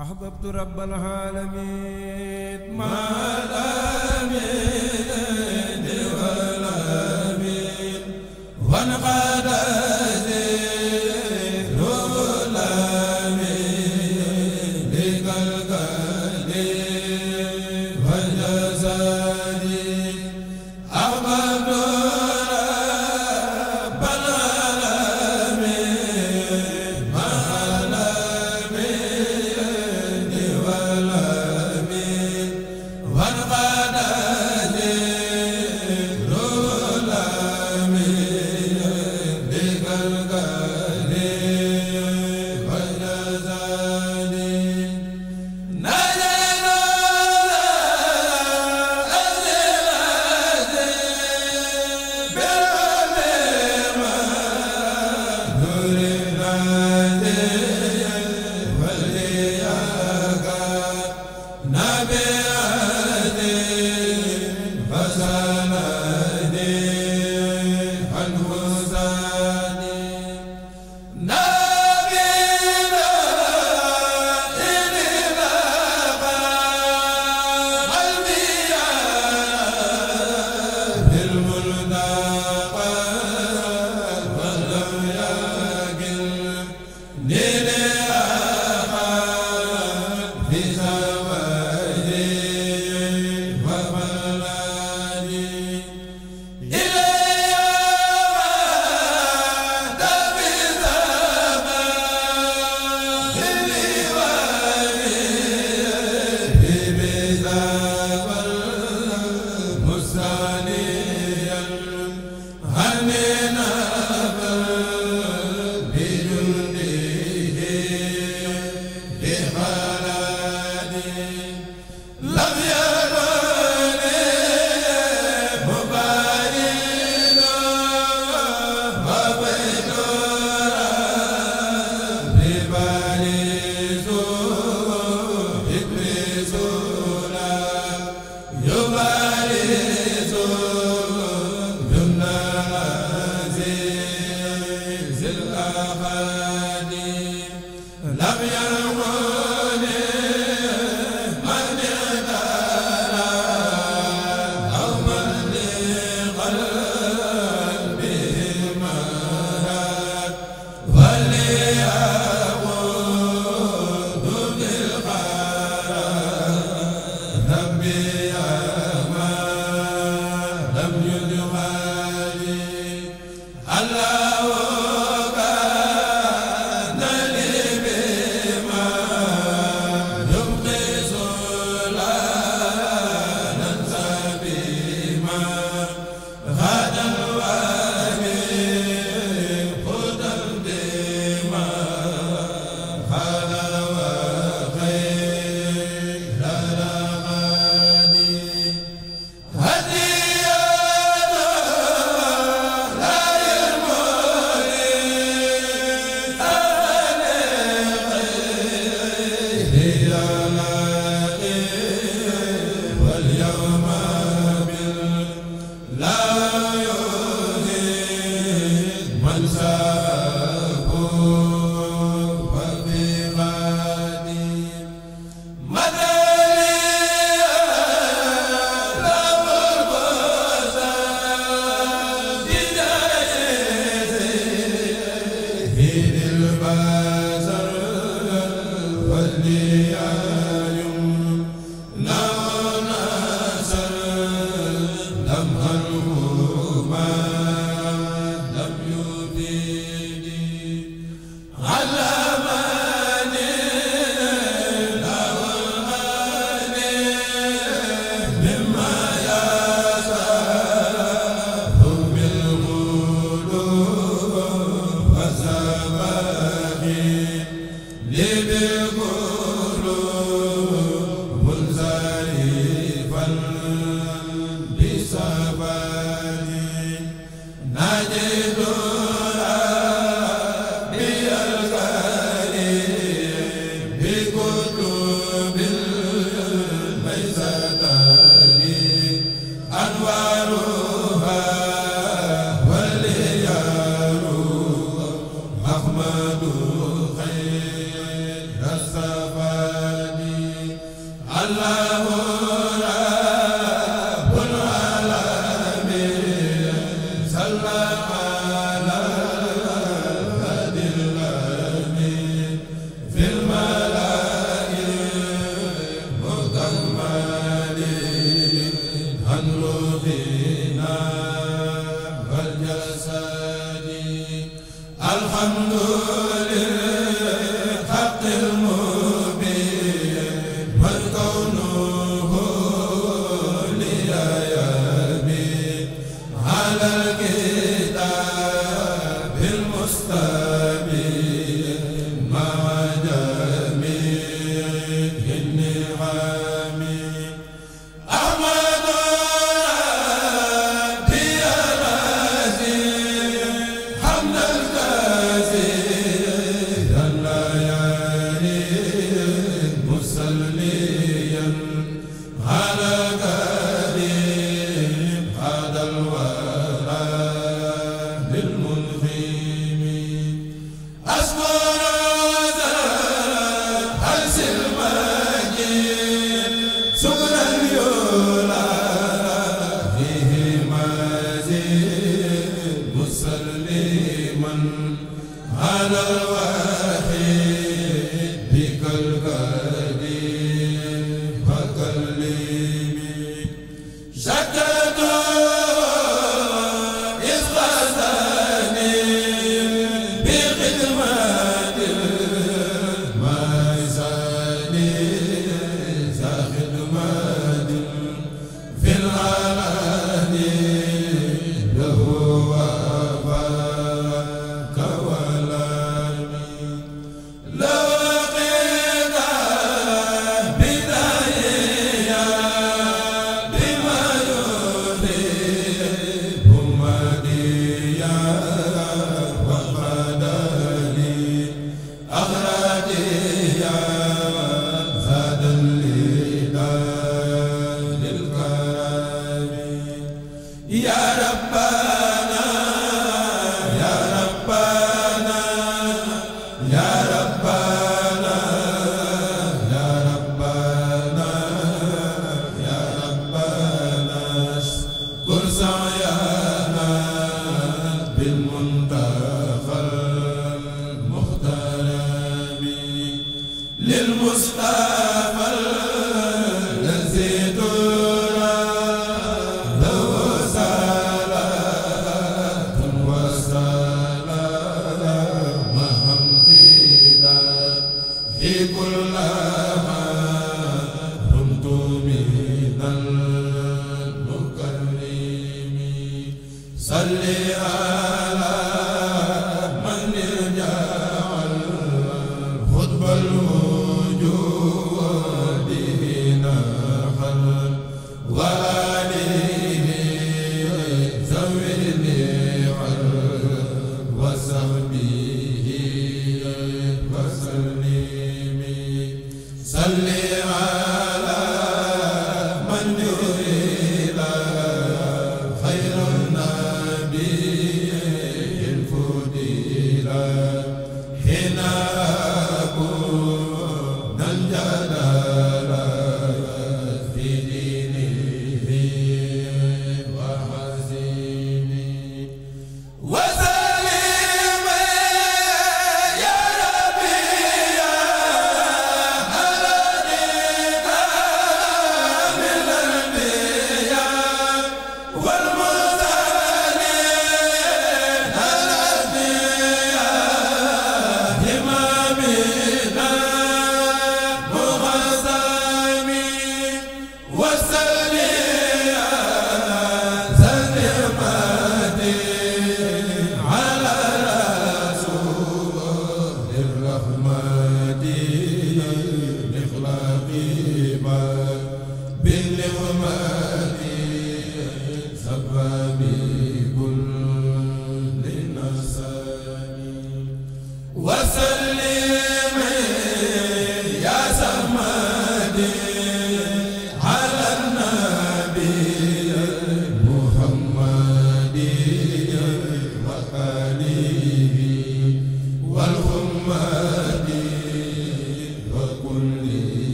أحببت رب العالمين ما الأمين والأمين وانقال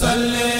salli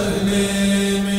ne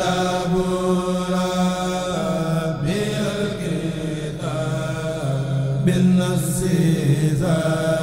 الكتاب